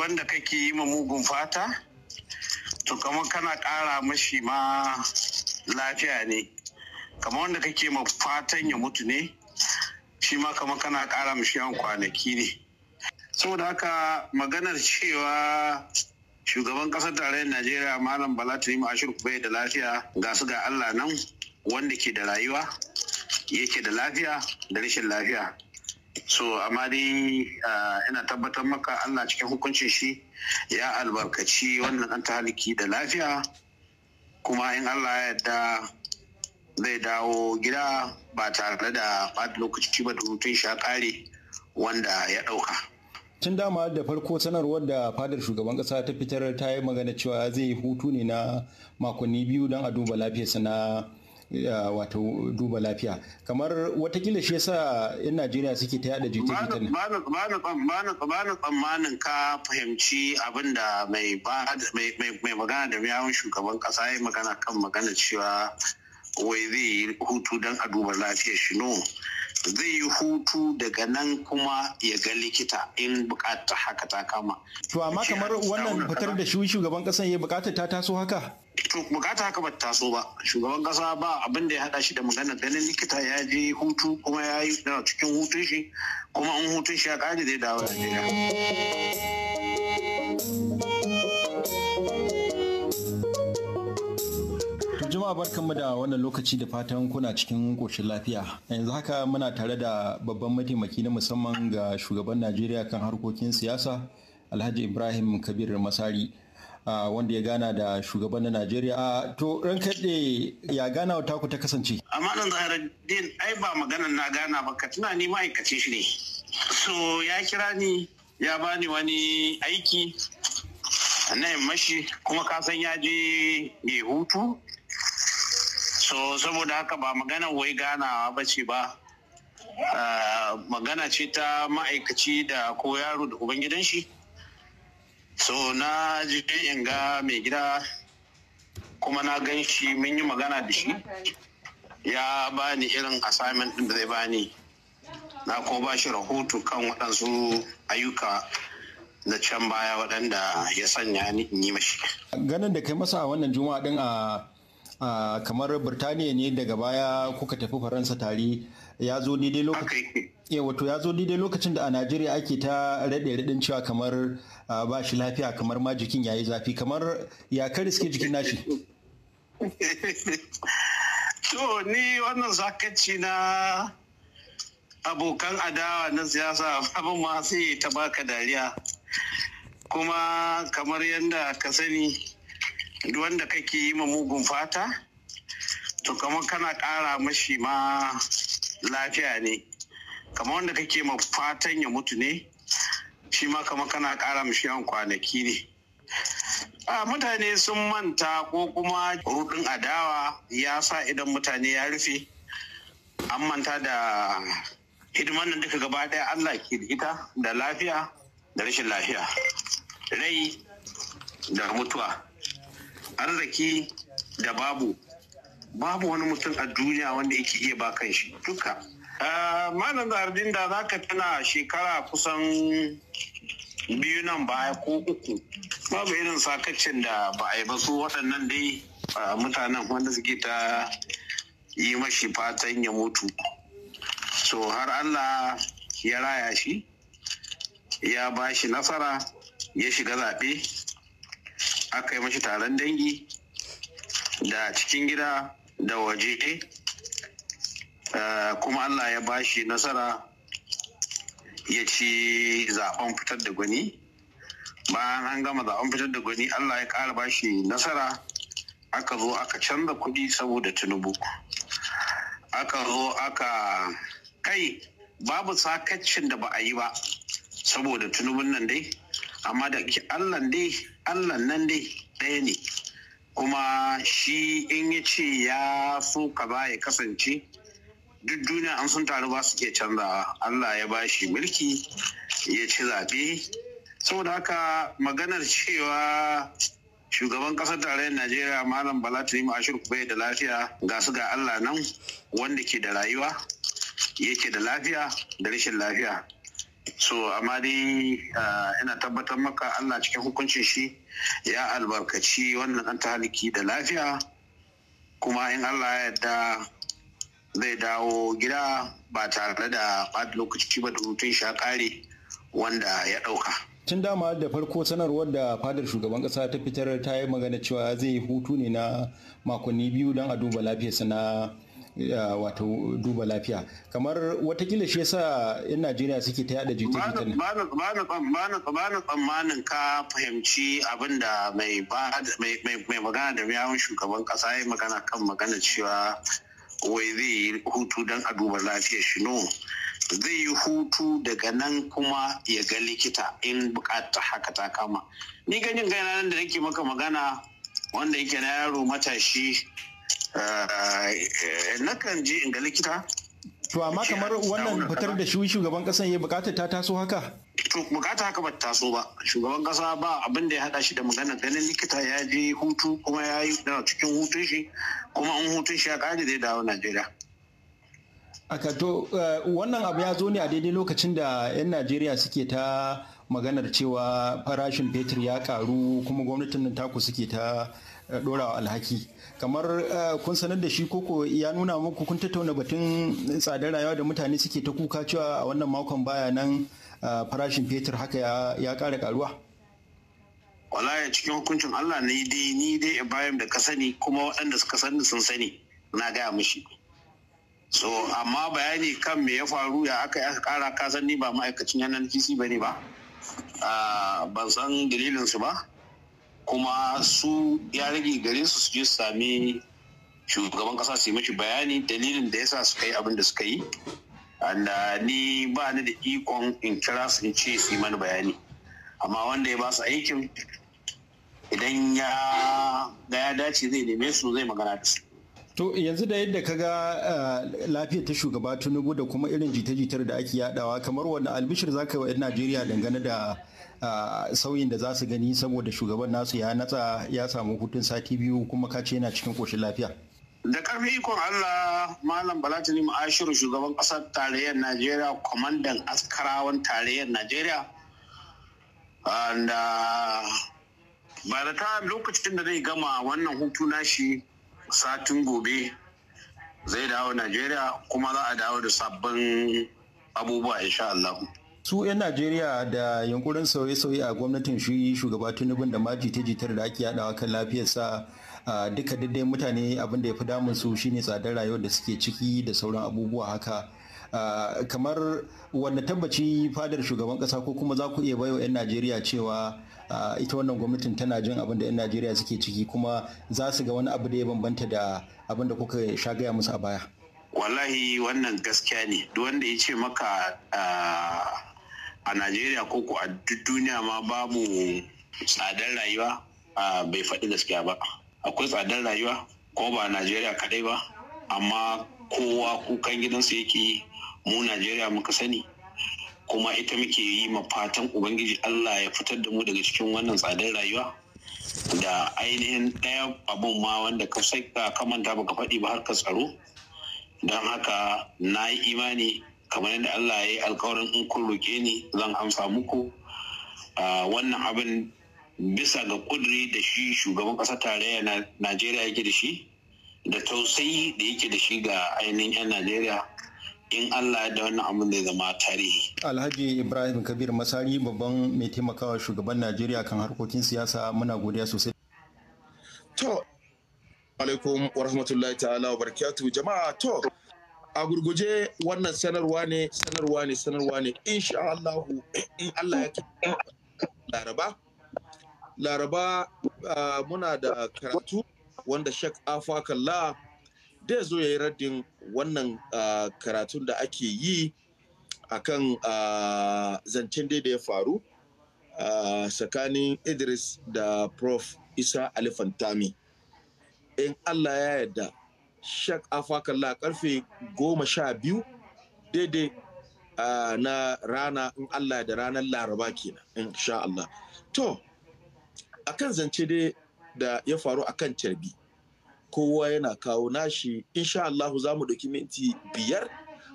wanda kake yi ma mugun fata to kamar kana ƙara mashi ma lafiya ne kamar wanda kake ma fatan ya mutu ne shi ma kamar kana kara mashi yawan kwanaki ne saboda haka maganar cewa shugaban ƙasar tarayyar najeriya malam bala ma ashir bai da lafiya ga su ga allah nan wanda ke da rayuwa yake da lafiya da rashin lafiya so amma dai ina tabbatar maka allah cikin hukuncin shi ya albarkaci wannan ta tahaliki da lafiya kuma in allah ya yarda zai dawo gida ba tare da ɓata lokaci ba da hutun sha ƙare wanda ya ɗauka. tun dama da farko sanarwar da fadar shugaban kasa ta fitar ta yi magana cewa zai hutu ne na makonni biyu don a duba lafiyarsa na wato duba lafiya kamar watakila shi yasa yan najeriya suke ta yada jita-jita ne ba tsammanin ka fahimci abin da mai magana da yawon shugaban kasa ya magana kan magana cewa wai zai yi hutu don a duba lafiyar shi no zai yi hutu daga nan kuma ya ga likita in bukatar haka ta kama. To amma kamar wannan fitar da shugaban kasan ya bukatar ta taso haka? To bukatar haka ba ta taso ba. Shugaban kasa ba abin da ya hada shi da magana, ganin likita ya je hutu kuma ya yi cikin hutun shi kuma in hutun shi ya kare zai dawo da jama'a barkanmu da wannan lokaci da fatan kuna cikin ƙoshin lafiya. Yanzu haka muna tare da babban mataimaki na musamman ga shugaban Najeriya kan harkokin siyasa Alhaji Ibrahim Kabir Masari. wanda ya gana da shugaban na Najeriya. A to ran kaɗe ya gana wa taku ta kasance. Amma ɗan Zahiruddin ai ba magana na gana ba ka tuna ni ma'aikacin shi ne. So ya kira ni ya bani wani aiki na mashi kuma kasan ya je ya hutu so saboda haka ba magana wai ganawa ba ce ah, ba magana ce ta ma'aikaci da ko yaro da ubangidan shi so na ji in ga mai gida kuma na gan shi mun yi magana da shi ya bani irin assignment din da zai bani na ko ba shi rahoto kan waɗansu ayyuka da can baya waɗanda ya sanya ni yi mashi ganin da kai masa wannan juma'a din a ah, kamar birtaniya ne daga baya kuka tafi faransa tare ya zo daidai lokacin wato ya zo daidai lokacin da a najeriya ake ta raɗe radin cewa kamar ba shi lafiya kamar ma jikin yayi zafi kamar ya ka riske jikin nashi to ni wannan zakaci na abokan adawa na siyasa abin ma sai ta baka dariya kuma kamar yadda ka sani duk wanda kake yi ma mugun fata to kamar kana ƙara mashi ma lafiya ne kamar wanda kake ma fatan ya mutu ne shi ma kamar kana ƙara mashi yawan kwanaki ne a mutane sun manta ko kuma rudin adawa ya sa idan mutane ya rufe an manta da hidiman da duka gaba ɗaya allah ke ita da lafiya da rashin lafiya rai da mutuwa arziki da babu babu wani mutum a duniya wanda yake iya ba kan shi duka eh, malam zardin da za ka tana shekara kusan biyu nan baya ko uku babu irin sakacin da ba a yi ba su waɗannan dai eh, mutanen wanda suke ta yi mashi fatan ya mutu so har allah ya raya shi ya ba shi nasara ya shiga zaɓe aka yi mashi taron dangi da cikin gida da waje eh, kuma allah ya bashi nasara ya ci zaben fitar da gwani bayan an gama zaben fitar da gwani allah ya ƙara bashi nasara aka zo aka canza kuɗi saboda tinubu aka zo aka kai babu sakacin da ba a yi ba saboda tunubun nan dai amma da allah dai allah nan dai ɗaya ne kuma shi in ya ce ya so ka ba ya kasance duk duniya an sun taru ba su ke canzawa allah ya ba shi mulki ya ci zaɓe saboda haka maganar cewa shugaban kasar tarayyar najeriya malam bala tuni ashir bai da lafiya ga su ga allah nan wanda ke da rayuwa yake da lafiya da rashin lafiya so amma dai ah, ina tabbatar maka allah cikin hukuncin shi ya albarkaci wannan an taliki da lafiya kuma in allah ya yarda zai dawo gida ba tare da ɓata lokaci ba da hutun sha ƙare wanda ya ɗauka. tun dama da farko sanarwar da fadar shugaban ƙasa ta fitar ta yi magana cewa zai hutu ne na makonni biyu don a duba lafiyarsa na wato duba lafiya kamar watakila shi yasa yan najeriya suke ta yada jita-jita ne ba na tsammanin ka fahimci abin da mai magana da yawon shugaban kasa ya magana kan magana cewa wai zai yi hutu don a duba lafiyar shi no zai yi hutu daga nan kuma ya ga likita in bukata haka ta kama ni ganin gaina nan da nake maka magana wanda yake na yaro matashi Eh, kan je in ga likita To amma kamar wannan fitar da shi shugaban kasan ya bukatar ta taso haka? To bukata haka ba taso ba. Shugaban kasa ba abin da ya hada shi da magana ganin likita ya je hutu kuma ya yi da cikin hutun shi kuma an hutun shi ya kare zai dawo Najeriya. Aka to eh, wannan abu ya zo ne a daidai lokacin da 'yan Najeriya suke ta maganar cewa farashin fetur ya karu kuma gwamnatin nan taku suke ta dorawa alhaki kamar eh, kun sanar da shi koko ya nuna muku kun tattauna batun tsadar rayuwa da mutane suke ta kuka cewa a wannan makon baya nan eh, farashin fetur haka ya ƙara karuwa wallahi cikin hukuncin Allah ne dai ni dai Ibrahim da ka sani kuma waɗanda suka sani sun sani na gaya mushi so amma bayani kan me ya faru ya aka ya kara ka sani ni ba ma'aikacin yanar kisi ne ba ah, ban san dalilinsu ba kuma su ya rage gare su su je su sami shugaban kasa su yi mashi bayani dalilin da yasa suka yi abin da suka yi da uh, ni ba ni da ikon in kira su in ce su yi mani bayani amma wanda ya ba su aikin idan ya ya dace zai neme su zai magana da su To yanzu da yadda ka ga eh, lafiyar ta shugaba Tinubu da kuma irin jita-jitar da ake yadawa kamar wanda albishir zaka ka yi wa 'yan Najeriya dangane da eh, sauyin da za su gani saboda shugaban nasu ya natsa ya samu hutun sati biyu kuma ka ce yana cikin koshin lafiya. Da karfi ikon Allah Malam Balatini Ashiru shugaban ƙasar tarayyar Najeriya kwamandan askarawan tarayyar Najeriya. ba da ta lokacin da zai gama wannan hutu shi. satin gobe zai dawo najeriya kuma za a dawo da sabbin abubuwa insha Allah. su 'yan najeriya da yunkurin sauye-sauye a gwamnatin shi shugaba tinubun da ma jita-jitar da ake yadawa kan lafiyarsa duka daidai mutane abin da ya fi damun su shine tsadar rayuwar da suke ciki da sauran abubuwa haka Ah, kamar wanda tabbaci fadar shugaban kasa ko kuma za ku iya baiwa 'yan najeriya cewa ah, ita wannan gwamnatin tana jin abin da 'yan najeriya suke ciki kuma za su ga wani abu da ya bambanta da abin da kuka sha gaya musu a baya wallahi wannan gaskiya ne duk wanda ya ce maka ah, a najeriya ko ku a duk duniya ma babu tsadar rayuwa bai faɗi gaskiya ba akwai tsadar rayuwa ko ba a najeriya kaɗai ba amma kowa kukan gidansu yake mu najeriya muka sani kuma ita muke yi ma fatan ubangiji allah ya fitar da mu daga cikin wannan tsadar rayuwa da ainihin ɗaya abun ma wanda ka sai ka kamanta baka faɗi ba har ka tsaro don haka na yi imani kamar yadda allah ya yi alkawarin in kun roƙe ni zan amsa muku wannan abin bisa ga kuduri da shi shugaban ƙasar tarayya najeriya yake da shi da tausayi da yake da shi ga ainihin 'yan najeriya in Allah da wani abin zai zama tarihi. Alhaji Ibrahim Kabir Masari babban mai taimakawa shugaban Najeriya kan harkokin siyasa muna godiya sosai. To, alaikum wa rahmatullahi ta'ala wa barakatuhu jama'a to a gurguje wannan sanarwa ne sanarwa ne sanarwa ne insha Allah in Allah ya laraba laraba ah, muna da karatu wanda Sheikh Afa kalla da zo ya yi raddin wannan ah, karatun da ake yi a kan ah, zancen dai da ya faru ah, tsakanin idris da prof isa alifantami in allah ya yarda shak afakalla karfe goma sha biyu daidai na rana in allah da ranar laraba kenan in sha allah to a kan zance dai da ya faru a kan carbi kowa yana kawo nashi insha Allahu za mu ɗauki minti biyar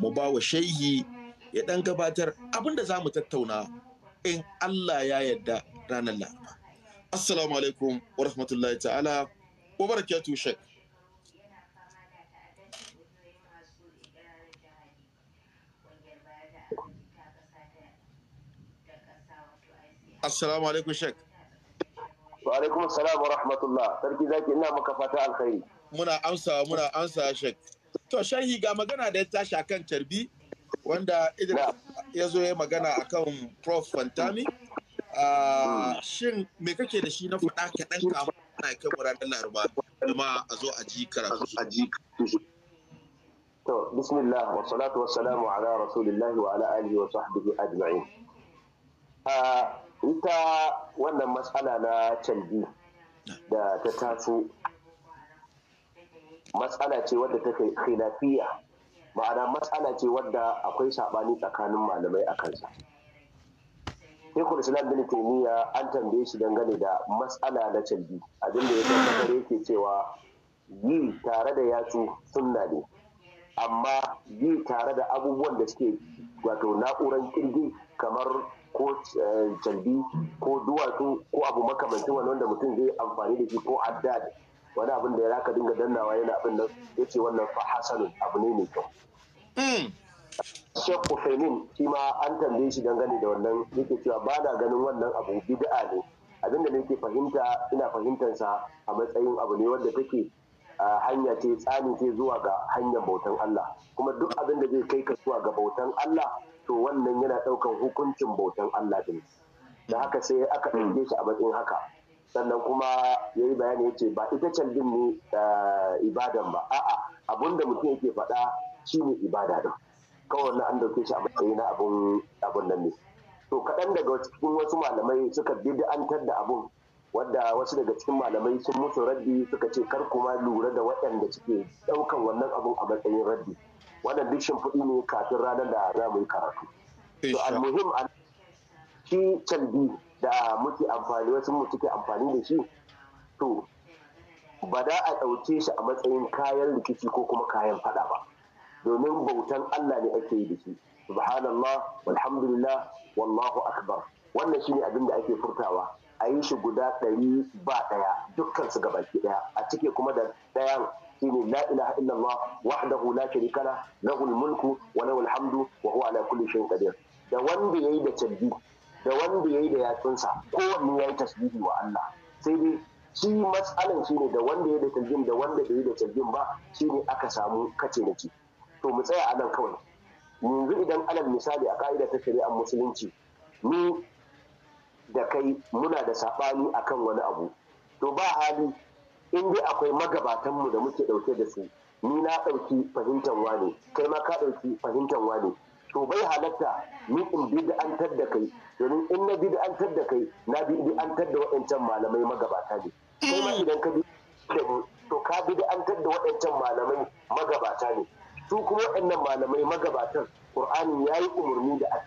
mu ba wa shehi ya ɗan gabatar abinda za mu tattauna in Allah ya yarda ranar Laraba. Assalamu alaikum wa rahmatullahi ta'ala wa barakatu shek. Assalamu alaikum shek. Wa alaikum salam wa rahmatullah. Sarki zaki ina maka fata alkhairi. Muna amsa muna amsa shek. To sharhi ga magana da ya tashi akan carbi wanda idan ya zo ya magana akan Prof Fantami. Ah, hmm. Shin me kake da shi na faɗa kaɗan kamun ana kai mu ranar Laraba kuma a zo a ji karatu. To bismillah wa salatu wa salamu ala rasulillahi wa ala alihi wa sahbihi ajma'in. Ah, ita wannan matsala na canji da ta taso matsala ce wadda ta kai lafiya. ma'ana matsala ce wadda akwai saɓani tsakanin malamai a kansa shekul islam bin taimiyya an tambaye shi dangane da matsala na canji abinda ya tabbatar yake cewa yi tare da yatsu sunna ne amma yi tare da abubuwan da suke wato na'uran kirgi kamar ko calbi eh, ko duwatsu ko abu makamancin wani wanda mutum zai amfani da shi ko addad wani abin da ya raka dinga dannawa yana abin nan ya ce wannan fa hasanun abu ne mai kyau. Hmm. Shek Kufemin shi ma an tambaye shi dangane da wannan yake cewa ba na ganin wannan abu bid'a ne abin da nake fahimta ina fahimtansa a matsayin abu ne wanda take hanya ce tsani ce zuwa ga hanyar bautan Allah kuma duk abin da zai kai ka zuwa ga bautan Allah to wannan yana ɗaukan hukuncin bautan Allah din da haka sai aka hmm. ɗauke shi a matsayin haka sannan kuma ya yi bayani ya ce ba ita canjin ne eh, ibadan ba a'a da mutum yake faɗa shi ne ibada din kawai na an ɗauke shi a matsayi na abun nan ne to kaɗan daga cikin wasu malamai suka bid'antar da abun wadda wasu daga cikin malamai sun musu raddi suka ce kar kuma lura da waɗanda suke ɗaukan wannan abun a matsayin raddi wannan duk shimfiɗi ne kafin ranar da za mu yi karatu to almuhim a shi canbi da muke amfani wasu mu suke amfani da shi to ba da a ɗauke shi a matsayin kayan rikici ko kuma kayan fada ba domin bautan Allah ne ake yi da shi subhanallah walhamdulillah wallahu akbar wannan shine abin da ake furtawa a yi shi guda ɗari ba ɗaya dukkan su gabaki ɗaya a cike kuma da ɗayan shine la ilaha illallah wahdahu la sharika la lahul mulku wa lahul hamdu wa huwa ala kulli shay'in qadir da wanda yayi da tabbi da wanda yayi da yatsunsa kowanne yayi tasbihi wa Allah sai dai shi matsalan shine da wanda yayi da tasbih da wanda bai da tasbih ba shine aka samu kace da ki to mu tsaya anan kawai yanzu idan alal misali a ka'ida ta shari'ar musulunci ni da kai muna da saɓani akan wani abu to ba hali in dai akwai magabatanmu da muke ɗauke da su ni na ɗauki fahimtar wane kai ma ka ɗauki fahimtar wane to bai halatta ni in bid'antar da kai domin in na bid'antar da kai na bid'antar da waɗancan malamai magabata ne kai ma idan ka da mu to ka bid'antar da waɗancan malamai magabata ne su kuma waɗannan malamai magabatan qur'ani yayi umarni da a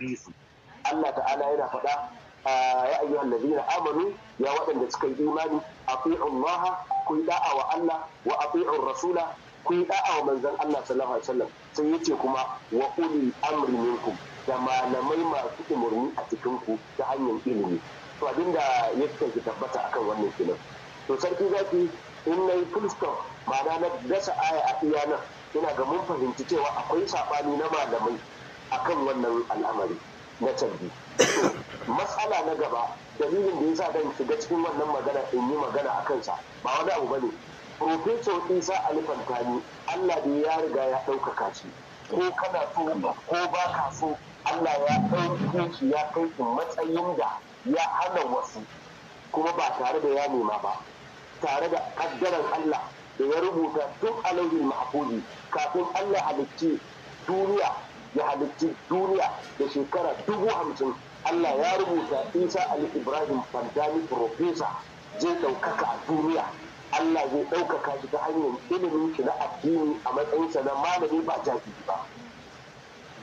Allah ta'ala yana faɗa ya ayyuhal ladina amanu ya waɗanda suka yi imani ati'u Allah ku yi da'a wa Allah wa ati'u rasula ku yi da'a wa manzon Allah sallallahu alaihi sai yace kuma wa uli amri da malamai masu umarni a cikin ku ta hanyar ilimi to abinda ya tabbata akan wannan kenan to sarki zaki in nayi yi stop ma'ana na dasa aya a iya nan ina ga mun fahimci cewa akwai saɓani na malamai akan wannan al'amari na tarbi matsala na gaba dalilin da ya sa zan shiga cikin wannan magana in yi magana a kansa ba wani abu bane profeso Isa alifantani Allah da ya riga ya ɗaukaka shi ko kana so ko ba ka so Allah ya ɗauke shi ya kai ki matsayin da ya hana wasu kuma ba tare da ya nema ba tare da kaddaran Allah da ya rubuta tun alaihi mahfuzi kafin Allah halicci duniya ya halicci duniya da shekara dubu hamsin Allah ya rubuta Isa Ali Ibrahim Fandani Profesa zai ɗaukaka a duniya. Allah zai ɗaukaka shi ta hanyar ilimin shi na addini a matsayinsa na malami ba jahili ba.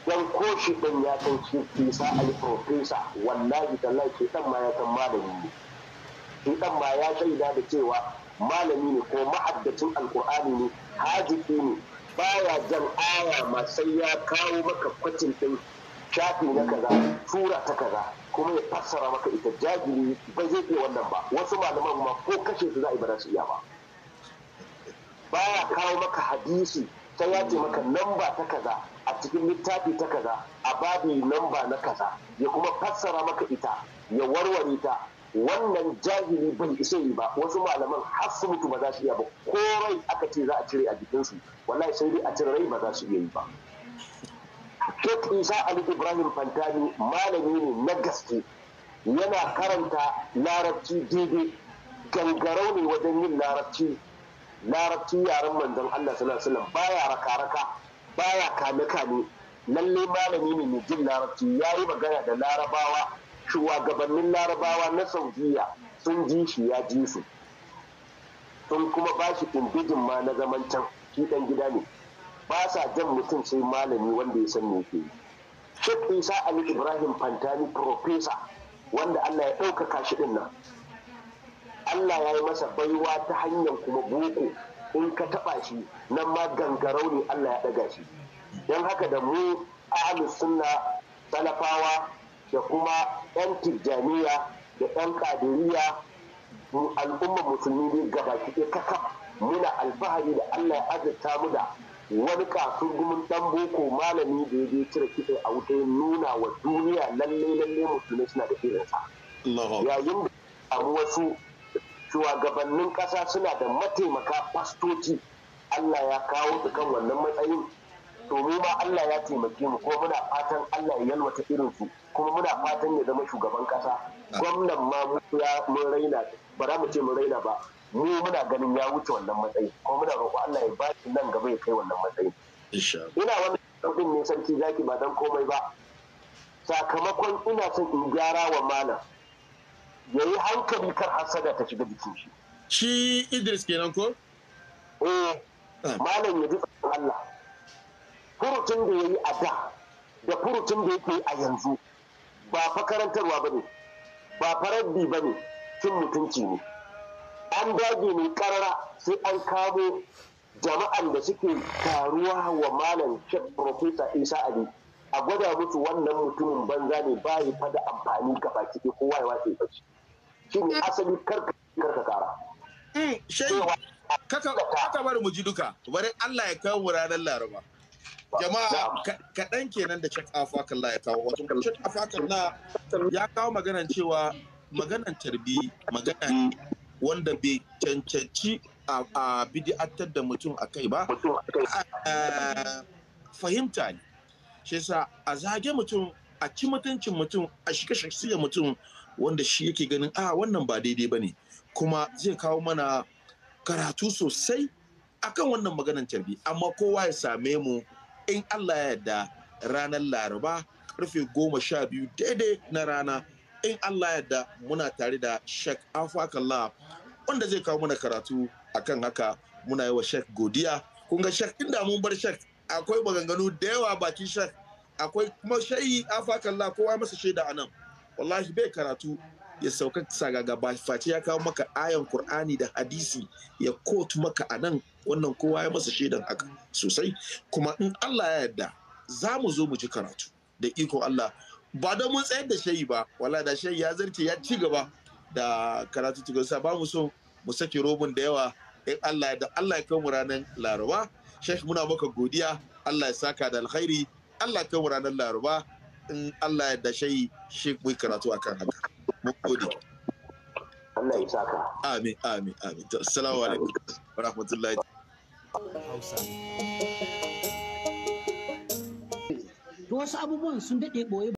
Dan ko shi ɗan ya san shi Isa Ali Profesa wallahi tallahi laifi ɗan ma ya san malami ne. Shi ɗan ma ya shaida da cewa malami ne ko ma'addacin alkur'ani ne hajiki ne baya jan aya ma sai ya kawo maka kwacin ɗin shafi na kaza sura ta kaza kuma ya fassara maka ita jajiri ba zai iya wannan ba wasu malaman ma ko kashe su za a yi ba su iya ba baya kawo maka hadisi ta yace maka namba ta kaza a cikin littafi ta kaza a babi namba na kaza ya kuma fassara maka ita ya warware ta wannan jahili bai isa yi ba wasu malaman har su mutu ba za su iya ba ko rai aka ce za a cire a jikinsu wallahi sai dai a cire rai ba za su iya yi ba Sheikh Isa Ali Ibrahim Fantani malami ne na gaske yana karanta larabci daidai gangarau ne wajen yin larabci larabci yaren manzon Allah sallallahu alaihi baya raka-raka baya kame-kame lalle malami ne mai jin larabci yayi magana da larabawa shugabannin larabawa na saudiya sun ji shi ya ji su sun kuma ba shi indijin ma na zaman can shi dan gida ne ba sa jan mutum sai malami wanda ya san me yake yi Sheikh Isa Ali Ibrahim Fantani Profesa wanda Allah ya ɗaukaka shi ɗin nan. Allah ya yi masa baiwa ta hanyar kuma boko in ka taɓa shi nan ma gangarau ne Allah ya ɗaga shi. Don haka da mu ahli sunna talafawa da kuma 'yan tijjaniya da 'yan kadiriya al'ummar musulmi ne baki ɗaya kakaf muna alfahari da Allah ya azurta mu da wani kafin dan boko malami da ya je cire kitse a wuta ya nuna wa duniya lalle lalle musulmi suna da sa. yayin da samu wasu shugabannin kasa suna da mataimaka fastoci Allah ya kawo su kan wannan matsayin to mu ma Allah ya taimake mu kuma muna fatan Allah ya yalwata irin su kuma muna fatan ya zama shugaban kasa gwamnan ma ya mun raina ba za mu ce mun raina ba Ni muna ganin ya wuce wannan matsayi ko muna roƙo Allah ya bashi nan gaba ya kai wannan matsayi ina wannan kudin ne sarki zaki ba dan komai ba sakamakon ina son in gyara wa malam ya yi hankali kar hasada ta shiga jikin shi shi Idris kenan ko eh ah. malam ya ji Allah furucin da ya yi a da da furucin da yake a yanzu ba fa karantarwa ba ne ba faraddi ba ne cin mutunci ne an dage mai karara sai an kamo jama'an da suke taruwa wa malam shek profesa isa ali a gwada musu wannan mutumin banza ne bayi fada amfani ga baki ko kowa ya wace bacci shi ne eh. asali karka karka kara eh, kaka bari mu ji duka bari Allah ya kawo ranar laraba jama'a kaɗan kenan da shek afakallah ya kawo wato shek afakallah ya kawo maganan cewa maganan tarbi maganan wanda bai cancanci a bidi'atar da mutum a kai ba fahimta ne shi yasa a zage mutum a ci mutuncin mutum a shiga shaksiya mutum wanda shi yake ganin a ah, wannan ba daidai ba ne kuma zai kawo mana karatu sosai akan wannan maganan tarbi amma kowa ya same mu in allah ya yarda ranar laraba karfe goma sha biyu daidai na rana in Allah yadda muna tare da Sheikh Afakallah wanda zai kawo mana karatu akan haka muna yi wa Sheikh godiya kun ga Sheikh inda mun bar Sheikh akwai maganganu da yawa bakin Sheikh akwai kuma shayi Afakallah kowa masa shaida anan wallahi bai karatu ya sauka sagaga ba face ya kawo maka ayan Kur'ani da hadisi ya kotu maka anan wannan kowa ya masa shaidan haka sosai kuma in Allah ya yarda za mu zo mu ji karatu da iko Allah ba don mun tsayar da shayi ba wala da shayi ya zarce ya ci gaba da karatu sa, ba mu so mu saki robin da yawa in Allah da Allah ya kai mu ranar Laraba Sheikh muna maka godiya Allah ya saka da alkhairi Allah ya kai mu ranar Laraba in Allah ya da shayi shi mu karatu akan haka mu gode Allah ya saka amin amin amin assalamu alaikum wa rahmatullahi Hausa. wasu abubuwan sun daɗe ɓoye